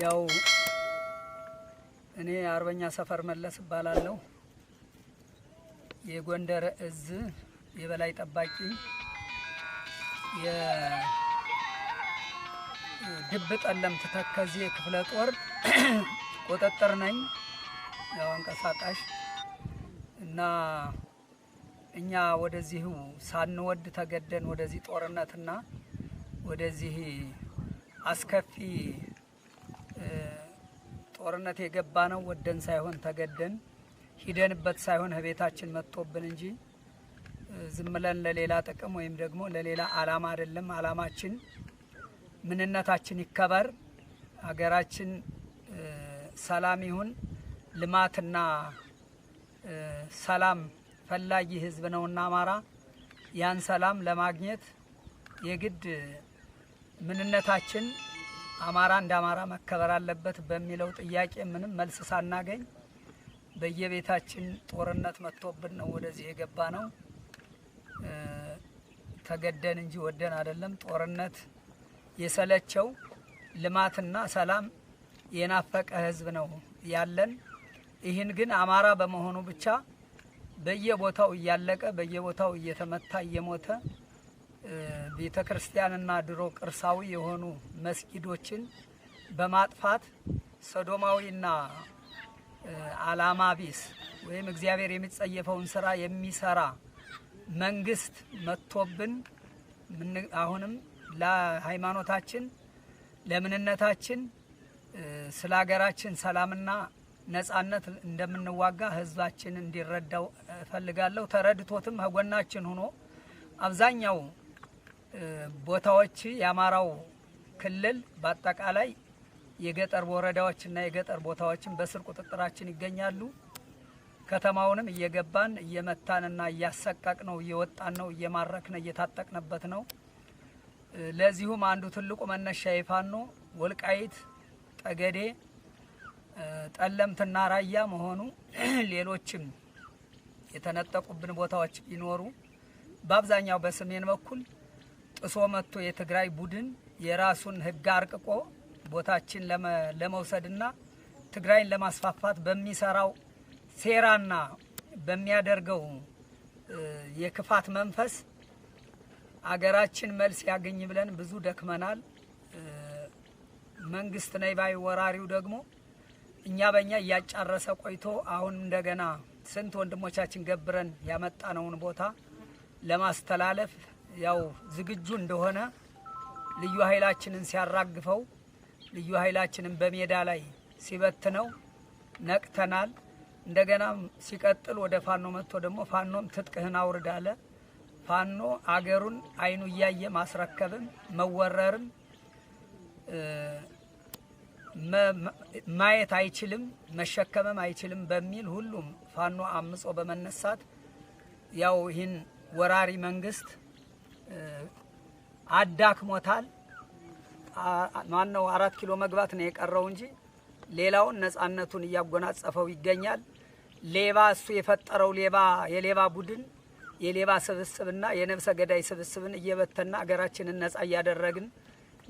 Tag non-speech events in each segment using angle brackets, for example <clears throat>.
ያው እኔ አርበኛ ሰፈር መለስ እባላለሁ። የጎንደር እዝ የበላይ ጠባቂ የግብ ጠለምት ተከዜ ክፍለ ጦር <clears throat> ቁጥጥር ነኝ። ያው አንቀሳቃሽ እና እኛ ወደዚህ ሳንወድ ተገደን ወደዚህ ጦርነትና ወደዚህ አስከፊ ጦርነት የገባ ነው ወደን ሳይሆን ተገደን ሂደንበት ሳይሆን ህቤታችን መጥቶብን እንጂ ዝም ብለን ለሌላ ጥቅም ወይም ደግሞ ለሌላ አላማ አይደለም። አላማችን ምንነታችን ይከበር፣ ሀገራችን ሰላም ይሁን። ልማትና ሰላም ፈላጊ ህዝብ ነውና አማራ ያን ሰላም ለማግኘት የግድ ምንነታችን አማራ እንደ አማራ መከበር አለበት በሚለው ጥያቄ ምንም መልስ ሳናገኝ በየቤታችን ጦርነት መጥቶብን ነው ወደዚህ የገባ ነው። ተገደን እንጂ ወደን አይደለም። ጦርነት የሰለቸው ልማትና ሰላም የናፈቀ ህዝብ ነው ያለን። ይህን ግን አማራ በመሆኑ ብቻ በየቦታው እያለቀ በየቦታው እየተመታ እየሞተ ቤተ ክርስቲያንና ድሮ ቅርሳዊ የሆኑ መስጊዶችን በማጥፋት ሰዶማዊና ዓላማ ቢስ ወይም እግዚአብሔር የሚጸየፈውን ስራ የሚሰራ መንግስት መጥቶብን አሁንም ለሃይማኖታችን፣ ለምንነታችን፣ ስለ ሀገራችን ሰላምና ነጻነት እንደምንዋጋ ህዝባችን እንዲረዳው እፈልጋለሁ። ተረድቶትም ከጎናችን ሆኖ አብዛኛው ቦታዎች የአማራው ክልል በአጠቃላይ የገጠር ወረዳዎችና የገጠር ቦታዎችን በስር ቁጥጥራችን ይገኛሉ። ከተማውንም እየገባን እየመታንና እያሰቀቅ ነው እየወጣን ነው እየማረክነ እየታጠቅንበት ነው። ለዚሁም አንዱ ትልቁ መነሻ የፋኖ ወልቃይት፣ ጠገዴ፣ ጠለምትና ራያ መሆኑ <clears throat> ሌሎችም የተነጠቁብን ቦታዎች ቢኖሩ በአብዛኛው በሰሜን በኩል ጥሶ መጥቶ የትግራይ ቡድን የራሱን ህግ አርቅቆ ቦታችን ለመውሰድና ትግራይን ለማስፋፋት በሚሰራው ሴራና በሚያደርገው የክፋት መንፈስ አገራችን መልስ ያገኝ ብለን ብዙ ደክመናል። መንግስት ነይ ባይ ወራሪው ደግሞ እኛ በእኛ እያጫረሰ ቆይቶ አሁን እንደገና ስንት ወንድሞቻችን ገብረን ያመጣነውን ቦታ ለማስተላለፍ ያው ዝግጁ እንደሆነ ልዩ ኃይላችንን ሲያራግፈው ልዩ ኃይላችንን በሜዳ ላይ ሲበትነው ነቅተናል። እንደገና ሲቀጥል ወደ ፋኖ መጥቶ ደግሞ ፋኖም ትጥቅህን አውርድ አለ። ፋኖ አገሩን አይኑ እያየ ማስረከብም መወረርም ማየት አይችልም፣ መሸከምም አይችልም በሚል ሁሉም ፋኖ አምጾ በመነሳት ያው ይህን ወራሪ መንግስት አዳክሞታል። ማነው አራት ኪሎ መግባት ነው የቀረው እንጂ ሌላውን ነጻነቱን እያጎናጸፈው ይገኛል። ሌባ እሱ የፈጠረው ሌባ የሌባ ቡድን የሌባ ስብስብና የነብሰ ገዳይ ስብስብን እየበተና ሀገራችንን ነጻ እያደረግን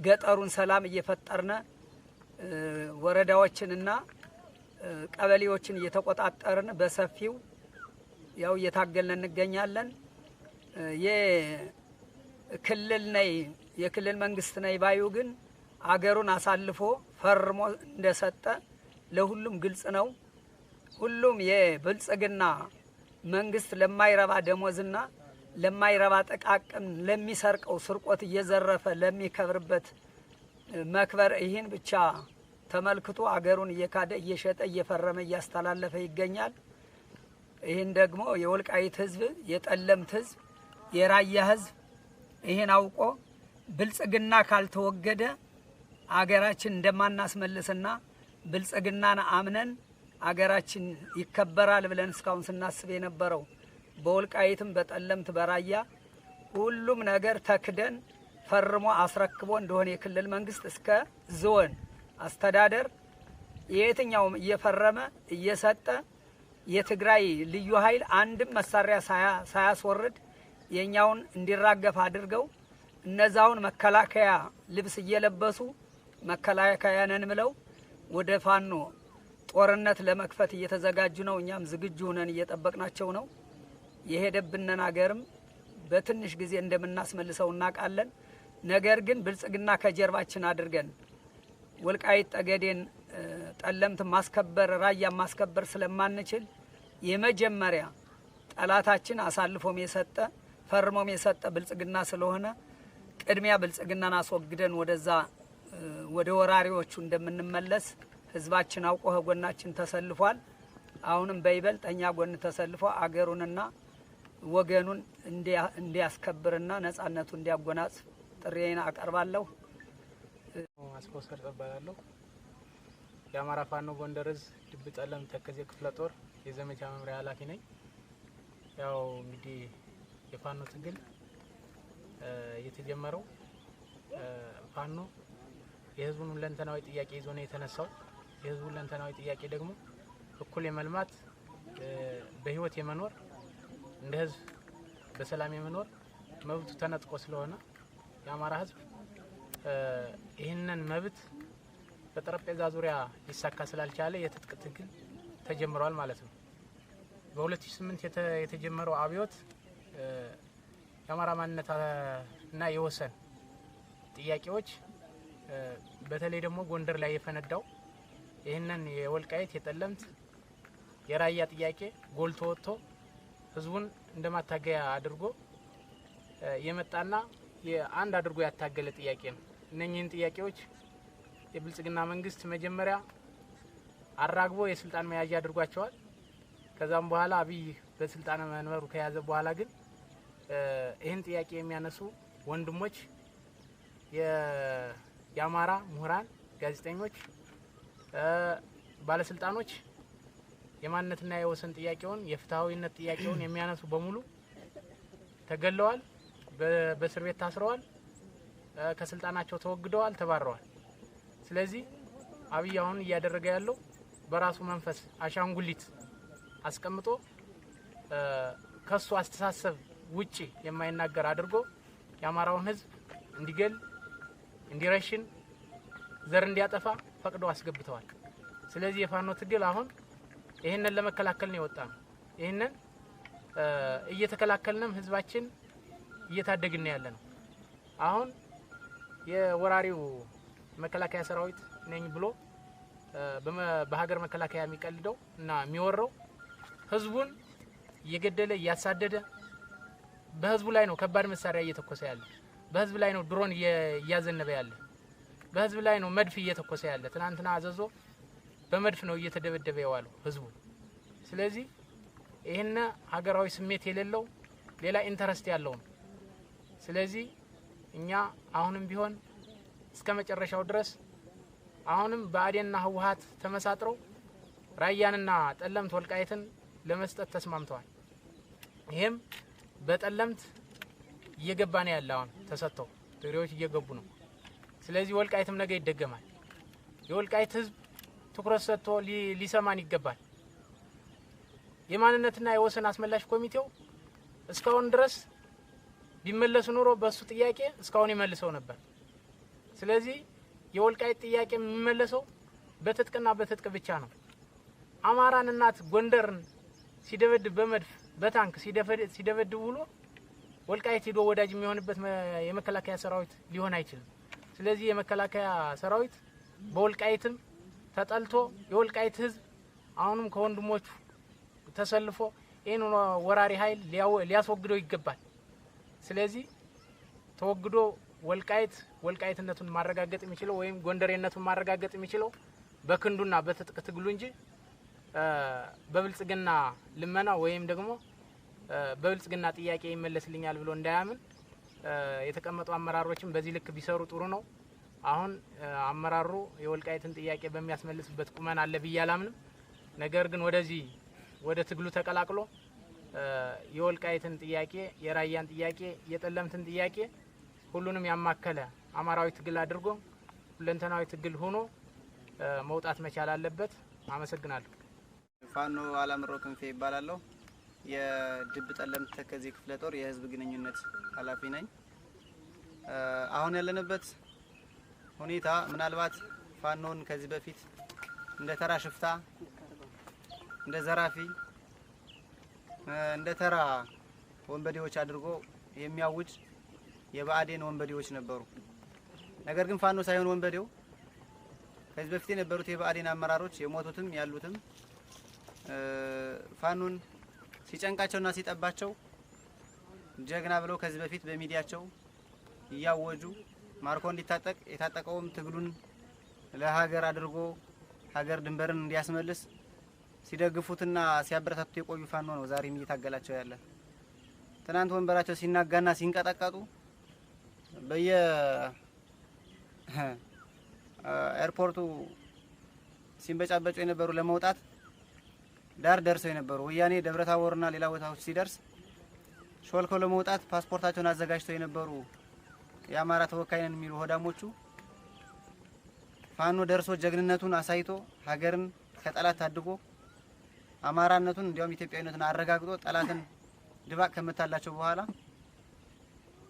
ገጠሩን ሰላም እየፈጠርነ ወረዳዎችንና ቀበሌዎችን እየተቆጣጠርን በሰፊው ያው እየታገልን እንገኛለን። ክልል ነይ የክልል መንግስት ነይ ባዩ ግን አገሩን አሳልፎ ፈርሞ እንደሰጠ ለሁሉም ግልጽ ነው። ሁሉም የብልጽግና መንግስት ለማይረባ ደሞዝና ለማይረባ ጠቃቅም ለሚሰርቀው ስርቆት እየዘረፈ ለሚከብርበት መክበር ይህን ብቻ ተመልክቶ አገሩን እየካደ እየሸጠ እየፈረመ እያስተላለፈ ይገኛል። ይህን ደግሞ የወልቃይት ህዝብ፣ የጠለምት ህዝብ፣ የራያ ህዝብ ይሄን አውቆ ብልጽግና ካልተወገደ አገራችን እንደማናስመልስና ብልጽግናን አምነን አገራችን ይከበራል ብለን እስካሁን ስናስብ የነበረው በወልቃይትም በጠለምት በራያ ሁሉም ነገር ተክደን ፈርሞ አስረክቦ እንደሆነ የክልል መንግስት እስከ ዞን አስተዳደር የየትኛውም እየፈረመ እየሰጠ የትግራይ ልዩ ኃይል አንድም መሳሪያ ሳያስወርድ የእኛውን እንዲራገፍ አድርገው እነዛውን መከላከያ ልብስ እየለበሱ መከላከያ ነን ብለው ወደ ፋኖ ጦርነት ለመክፈት እየተዘጋጁ ነው። እኛም ዝግጁ ሆነን እየጠበቅናቸው ነው። የሄደብንን አገርም በትንሽ ጊዜ እንደምናስመልሰው እናውቃለን። ነገር ግን ብልጽግና ከጀርባችን አድርገን ወልቃይት ጠገዴን፣ ጠለምት ማስከበር፣ ራያ ማስከበር ስለማንችል የመጀመሪያ ጠላታችን አሳልፎም የሰጠ ፈርሞም የሰጠ ብልጽግና ስለሆነ ቅድሚያ ብልጽግናን አስወግደን ወደዛ ወደ ወራሪዎቹ እንደምንመለስ ህዝባችን አውቆ ጎናችን ተሰልፏል። አሁንም በይበልጥ እኛ ጎን ተሰልፎ አገሩንና ወገኑን እንዲያስከብርና ነጻነቱ እንዲያጎናጽፍ ጥሬን አቀርባለሁ። አስፖሰር እባላለሁ። የአማራ ፋኖ ጎንደር እዝ ጠለም ተከዜ ክፍለ ጦር የዘመቻ መምሪያ ኃላፊ ነኝ። ያው እንግዲህ የፋኖ ትግል የተጀመረው ፋኖ የህዝቡን ሁለንተናዊ ጥያቄ ይዞ ነው የተነሳው። የህዝቡ ሁለንተናዊ ጥያቄ ደግሞ እኩል የመልማት በህይወት የመኖር እንደ ህዝብ በሰላም የመኖር መብቱ ተነጥቆ ስለሆነ የአማራ ህዝብ ይህንን መብት በጠረጴዛ ዙሪያ ሊሳካ ስላልቻለ የትጥቅ ትግል ተጀምሯል ማለት ነው። በ2008 የተጀመረው አብዮት የአማራ ማንነት እና የወሰን ጥያቄዎች በተለይ ደግሞ ጎንደር ላይ የፈነዳው ይህንን የወልቃይት የጠለምት የራያ ጥያቄ ጎልቶ ወጥቶ ህዝቡን እንደማታገያ አድርጎ የመጣና የአንድ አድርጎ ያታገለ ጥያቄ ነው። እነኚህን ጥያቄዎች የብልጽግና መንግስት መጀመሪያ አራግቦ የስልጣን መያዣ አድርጓቸዋል። ከዛም በኋላ አብይ በስልጣን መንበሩ ከያዘ በኋላ ግን ይህን ጥያቄ የሚያነሱ ወንድሞች፣ የአማራ ምሁራን፣ ጋዜጠኞች፣ ባለስልጣኖች የማንነትና የወሰን ጥያቄውን የፍትሐዊነት ጥያቄውን የሚያነሱ በሙሉ ተገለዋል፣ በእስር ቤት ታስረዋል፣ ከስልጣናቸው ተወግደዋል፣ ተባረዋል። ስለዚህ አብይ አሁን እያደረገ ያለው በራሱ መንፈስ አሻንጉሊት አስቀምጦ ከሱ አስተሳሰብ ውጪ የማይናገር አድርጎ የአማራውን ህዝብ እንዲገል፣ እንዲረሽን፣ ዘር እንዲያጠፋ ፈቅዶ አስገብተዋል። ስለዚህ የፋኖ ትግል አሁን ይህንን ለመከላከል ነው የወጣ ነው። ይህንን እየተከላከልንም ህዝባችን እየታደግን ያለ ነው። አሁን የወራሪው መከላከያ ሰራዊት ነኝ ብሎ በሀገር መከላከያ የሚቀልደው እና የሚወረው ህዝቡን እየገደለ እያሳደደ በህዝቡ ላይ ነው ከባድ መሳሪያ እየተኮሰ ያለ። በህዝብ ላይ ነው ድሮን እያዘነበ ያለ። በህዝብ ላይ ነው መድፍ እየተኮሰ ያለ። ትናንትና አዘዞ በመድፍ ነው እየተደበደበ የዋለው ህዝቡ። ስለዚህ ይህን ሀገራዊ ስሜት የሌለው ሌላ ኢንተረስት ያለው ነው። ስለዚህ እኛ አሁንም ቢሆን እስከ መጨረሻው ድረስ አሁንም በአዴና ህወሀት ተመሳጥረው ራያንና ጠለምት ወልቃይትን ለመስጠት ተስማምተዋል። ይህም በጠለምት እየገባ ነው ያለ። አሁን ተሰጥተው ትግሬዎች እየገቡ ነው። ስለዚህ ወልቃይትም ነገ ይደገማል። የወልቃይት ህዝብ ትኩረት ሰጥቶ ሊሰማን ይገባል። የማንነትና የወሰን አስመላሽ ኮሚቴው እስካሁን ድረስ ቢመለሱ ኑሮ በእሱ ጥያቄ እስካሁን ይመልሰው ነበር። ስለዚህ የወልቃይት ጥያቄ የሚመለሰው በትጥቅና በትጥቅ ብቻ ነው። አማራን እናት ጎንደርን ሲደበድብ በመድፍ በታንክ ሲደበድቡ ውሎ ወልቃይት ሂዶ ወዳጅ የሚሆንበት የመከላከያ ሰራዊት ሊሆን አይችልም። ስለዚህ የመከላከያ ሰራዊት በወልቃይትም ተጠልቶ የወልቃይት ህዝብ አሁንም ከወንድሞቹ ተሰልፎ ይህን ወራሪ ኃይል ሊያስወግደው ይገባል። ስለዚህ ተወግዶ ወልቃይት ወልቃይትነቱን ማረጋገጥ የሚችለው ወይም ጎንደሬነቱን ማረጋገጥ የሚችለው በክንዱና በትጥቅ ትግሉ እንጂ በብልጽግና ልመና ወይም ደግሞ በብልጽግና ጥያቄ ይመለስልኛል ብሎ እንዳያምን የተቀመጡ አመራሮችም በዚህ ልክ ቢሰሩ ጥሩ ነው። አሁን አመራሩ የወልቃይትን ጥያቄ በሚያስመልስበት ቁመና አለ ብዬ አላምንም። ነገር ግን ወደዚህ ወደ ትግሉ ተቀላቅሎ የወልቃይትን ጥያቄ፣ የራያን ጥያቄ፣ የጠለምትን ጥያቄ ሁሉንም ያማከለ አማራዊ ትግል አድርጎ ሁለንተናዊ ትግል ሆኖ መውጣት መቻል አለበት። አመሰግናለሁ። ፋኖ አላምሮ ክንፌ ይባላለሁ። የድብ ጠለምት ተከዜ ክፍለ ጦር የህዝብ ግንኙነት ኃላፊ ነኝ። አሁን ያለንበት ሁኔታ ምናልባት ፋኖን ከዚህ በፊት እንደ ተራ ሽፍታ፣ እንደ ዘራፊ፣ እንደ ተራ ወንበዴዎች አድርጎ የሚያውጅ የብአዴን ወንበዴዎች ነበሩ። ነገር ግን ፋኖ ሳይሆን ወንበዴው ከዚህ በፊት የነበሩት የብአዴን አመራሮች የሞቱትም ያሉትም ፋኖን ሲጨንቃቸውና ሲጠባቸው ጀግና ብለው ከዚህ በፊት በሚዲያቸው እያወጁ ማርኮ እንዲታጠቅ የታጠቀውም ትግሉን ለሀገር አድርጎ ሀገር ድንበርን እንዲያስመልስ ሲደግፉትና ሲያበረታቱት የቆዩ ፋኖ ነው ዛሬም እየታገላቸው ያለ። ትናንት ወንበራቸው ሲናጋና ሲንቀጠቀጡ በየ ኤርፖርቱ ሲንበጫበጩ የነበሩ ለመውጣት ዳር ደርሰው የነበሩ ወያኔ ደብረታቦርና ሌላ ቦታዎች ሲደርስ ሾልከው ለመውጣት ፓስፖርታቸውን አዘጋጅተው የነበሩ የአማራ ተወካይ ነን የሚሉ ሆዳሞቹ ፋኖ ደርሶ ጀግንነቱን አሳይቶ ሀገርን ከጠላት ታድጎ አማራነቱን እንዲያውም ኢትዮጵያዊነትን አረጋግጦ ጠላትን ድባቅ ከመታላቸው በኋላ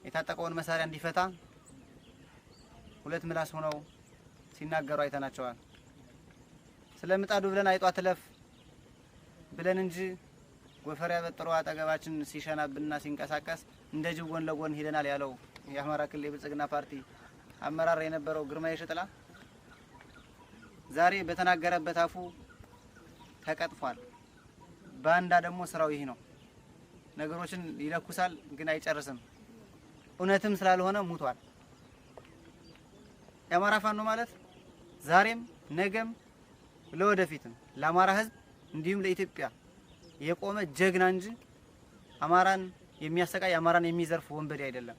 የታጠቀውን መሳሪያ እንዲፈታ ሁለት ምላስ ሆነው ሲናገሩ አይተናቸዋል። ስለምጣዱ ምጣዱ ብለን አይጧ ትለፍ ብለን እንጂ ጎፈር ያበጠረው አጠገባችን ሲሸናብንና ሲንቀሳቀስ እንደ ጅብ ጎን ለጎን ሄደናል ያለው የአማራ ክልል የብልጽግና ፓርቲ አመራር የነበረው ግርማ የሸጥላ ዛሬ በተናገረበት አፉ ተቀጥፏል። ባንዳ ደግሞ ስራው ይህ ነው። ነገሮችን ይለኩሳል፣ ግን አይጨርስም። እውነትም ስላልሆነ ሙቷል። የአማራ ፋኖ ማለት ዛሬም ነገም ለወደፊትም ለአማራ ህዝብ እንዲሁም ለኢትዮጵያ የቆመ ጀግና እንጂ አማራን የሚያሰቃይ አማራን የሚዘርፍ ወንበዴ አይደለም።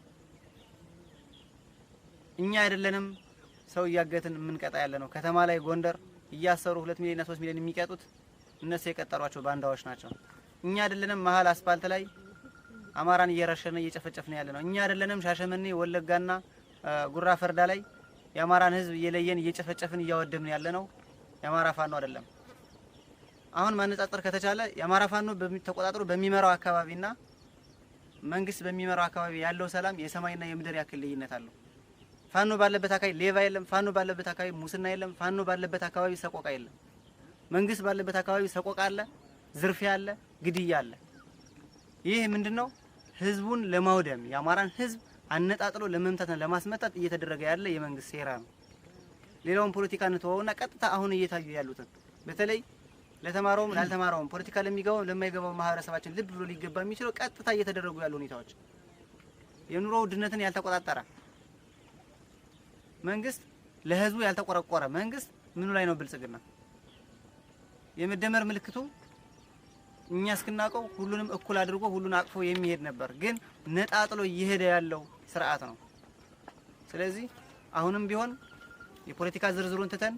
እኛ አይደለንም ሰው እያገትን የምንቀጣ ያለ ነው። ከተማ ላይ ጎንደር እያሰሩ ሁለት ሚሊዮን እና ሶስት ሚሊዮን የሚቀጡት እነሱ የቀጠሯቸው ባንዳዎች ናቸው። እኛ አይደለንም መሀል አስፋልት ላይ አማራን እየረሸነ እየጨፈጨፍን ያለ ነው። እኛ አይደለንም ሻሸመኔ ወለጋና ጉራ ፈርዳ ላይ የአማራን ህዝብ እየለየን እየጨፈጨፍን እያወደምን ያለ ነው። የአማራ ፋኖ አይደለም። አሁን ማነጻጸር ከተቻለ የአማራ ፋኖ ተቆጣጥሮ በሚመራው አካባቢና መንግስት በሚመራው አካባቢ ያለው ሰላም የሰማይና የምድር ያክል ልዩነት አለው። ፋኖ ባለበት አካባቢ ሌባ የለም። ፋኖ ባለበት አካባቢ ሙስና የለም። ፋኖ ባለበት አካባቢ ሰቆቃ የለም። መንግስት ባለበት አካባቢ ሰቆቃ አለ፣ ዝርፊያ አለ፣ ግድያ አለ። ይህ ምንድነው? ህዝቡን ለማውደም የአማራን ህዝብ አነጣጥሎ ለመምታትና ለማስመጣት እየተደረገ ያለ የመንግስት ሴራ ነው። ሌላውን ፖለቲካ እንተዋውና ቀጥታ አሁን እየታዩ ያሉትን በተለይ ለተማረውም ላልተማረውም ፖለቲካ ለሚገባው ለማይገባው ማህበረሰባችን ልብ ብሎ ሊገባ የሚችለው ቀጥታ እየተደረጉ ያሉ ሁኔታዎች የኑሮ ውድነትን ያልተቆጣጠረ መንግስት፣ ለህዝቡ ያልተቆረቆረ መንግስት ምኑ ላይ ነው ብልጽግና? የመደመር ምልክቱ እኛ እስክናውቀው ሁሉንም እኩል አድርጎ ሁሉን አቅፎ የሚሄድ ነበር። ግን ነጣጥሎ እየሄደ ያለው ስርዓት ነው። ስለዚህ አሁንም ቢሆን የፖለቲካ ዝርዝሩን ትተን